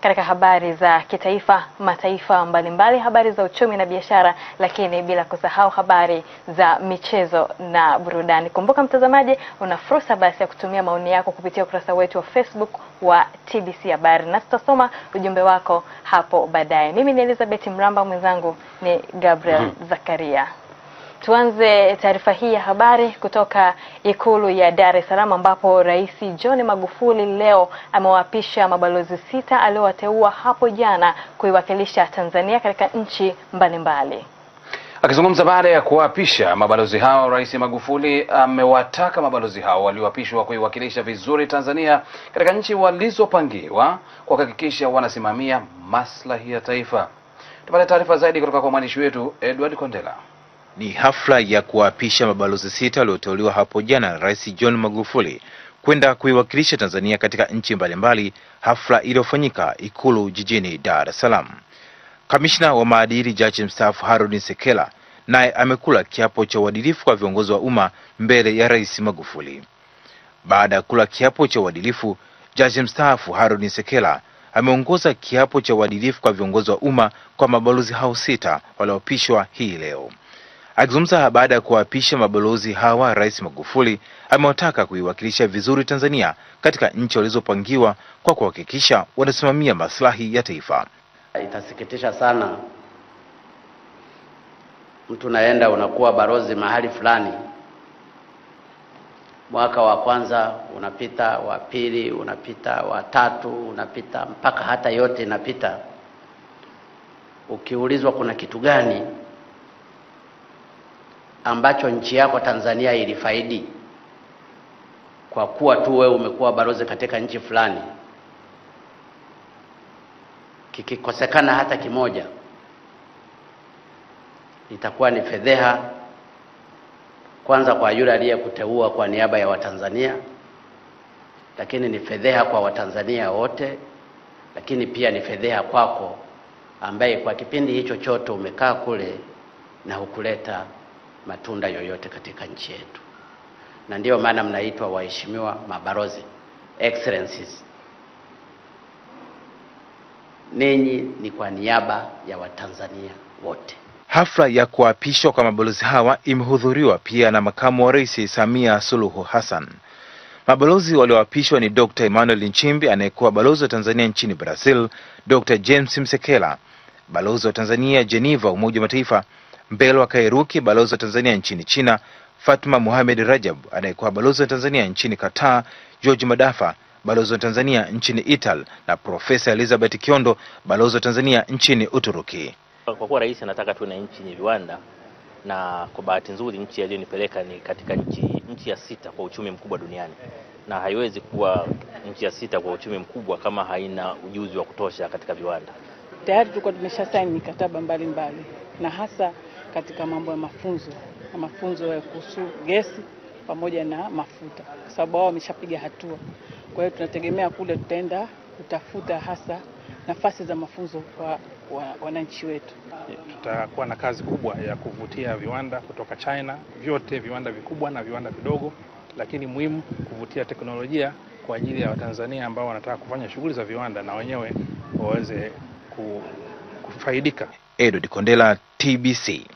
Katika habari za kitaifa, mataifa mbalimbali, habari za uchumi na biashara, lakini bila kusahau habari za michezo na burudani. Kumbuka mtazamaji, una fursa basi ya kutumia maoni yako kupitia ukurasa wetu wa Facebook wa TBC Habari, na tutasoma ujumbe wako hapo baadaye. Mimi ni Elizabeth Mramba, mwenzangu ni Gabriel mm -hmm. Zakaria. Tuanze taarifa hii ya habari kutoka ikulu ya Dar es Salaam ambapo Rais John Magufuli leo amewaapisha mabalozi sita aliowateua hapo jana kuiwakilisha Tanzania katika nchi mbalimbali. Akizungumza baada ya kuwaapisha mabalozi hao, Rais Magufuli amewataka mabalozi hao walioapishwa kuiwakilisha vizuri Tanzania katika nchi walizopangiwa kwa kuhakikisha wanasimamia maslahi ya taifa. Tupate taarifa zaidi kutoka kwa mwandishi wetu Edward Kondela. Ni hafla ya kuwaapisha mabalozi sita walioteuliwa hapo jana na Rais John Magufuli kwenda kuiwakilisha Tanzania katika nchi mbalimbali, hafla iliyofanyika Ikulu jijini Dar es Salaam. Kamishna wa maadili jaji mstaafu Harun Sekela naye amekula kiapo cha uadilifu kwa viongozi wa umma mbele ya Rais Magufuli. Baada ya kula kiapo cha uadilifu, jaji mstaafu Harun Sekela ameongoza kiapo cha uadilifu kwa viongozi wa umma kwa mabalozi hao sita walioapishwa hii leo. Akizungumza baada ya kuwaapisha mabalozi hawa, Rais Magufuli amewataka kuiwakilisha vizuri Tanzania katika nchi walizopangiwa kwa kuhakikisha wanasimamia maslahi ya taifa. Itasikitisha sana mtu naenda unakuwa balozi mahali fulani, mwaka wa kwanza unapita, wa pili unapita, wa tatu unapita, mpaka hata yote inapita, ukiulizwa kuna kitu gani ambacho nchi yako Tanzania ilifaidi kwa kuwa tu wewe umekuwa balozi katika nchi fulani, kikikosekana hata kimoja, itakuwa ni fedheha, kwanza kwa yule aliyekuteua kwa niaba ya Watanzania, lakini ni fedheha kwa Watanzania wote, lakini pia ni fedheha kwako ambaye kwa kipindi hicho chote umekaa kule na hukuleta matunda yoyote katika nchi yetu, na ndiyo maana mnaitwa waheshimiwa mabalozi, excellencies. Ninyi ni kwa niaba ya Watanzania wote. Hafla ya kuapishwa kwa mabalozi hawa imehudhuriwa pia na makamu wa rais Samia Suluhu Hassan. Mabalozi walioapishwa ni Dr. Emmanuel Nchimbi anayekuwa balozi wa Tanzania nchini Brazil, Dr. James Msekela balozi wa Tanzania Geneva, Umoja wa Mataifa, Mbelwa Kairuki, balozi wa Tanzania nchini China, Fatma muhamed Rajab, anayekuwa balozi wa Tanzania nchini Qatar, George Madafa, balozi wa Tanzania nchini Italy na Profesa Elizabeth Kiondo, balozi wa Tanzania nchini Uturuki. Kwa kuwa rais anataka tuwe na nchi yenye viwanda na kwa bahati nzuri nchi aliyonipeleka ni katika nchi, nchi ya sita kwa uchumi mkubwa duniani, na haiwezi kuwa nchi ya sita kwa uchumi mkubwa kama haina ujuzi wa kutosha katika viwanda. Tayari tulikuwa tumesha saini mikataba mbalimbali na hasa katika mambo ya mafunzo na mafunzo ya kuhusu gesi pamoja na mafuta, kwa sababu wao wameshapiga hatua. Kwa hiyo tunategemea kule tutaenda kutafuta hasa nafasi za mafunzo kwa wananchi wetu. Tutakuwa na kazi kubwa ya kuvutia viwanda kutoka China, vyote viwanda vikubwa na viwanda vidogo, lakini muhimu kuvutia teknolojia kwa ajili ya Watanzania ambao wanataka kufanya shughuli za viwanda na wenyewe waweze kufaidika. Edward Kondela, TBC.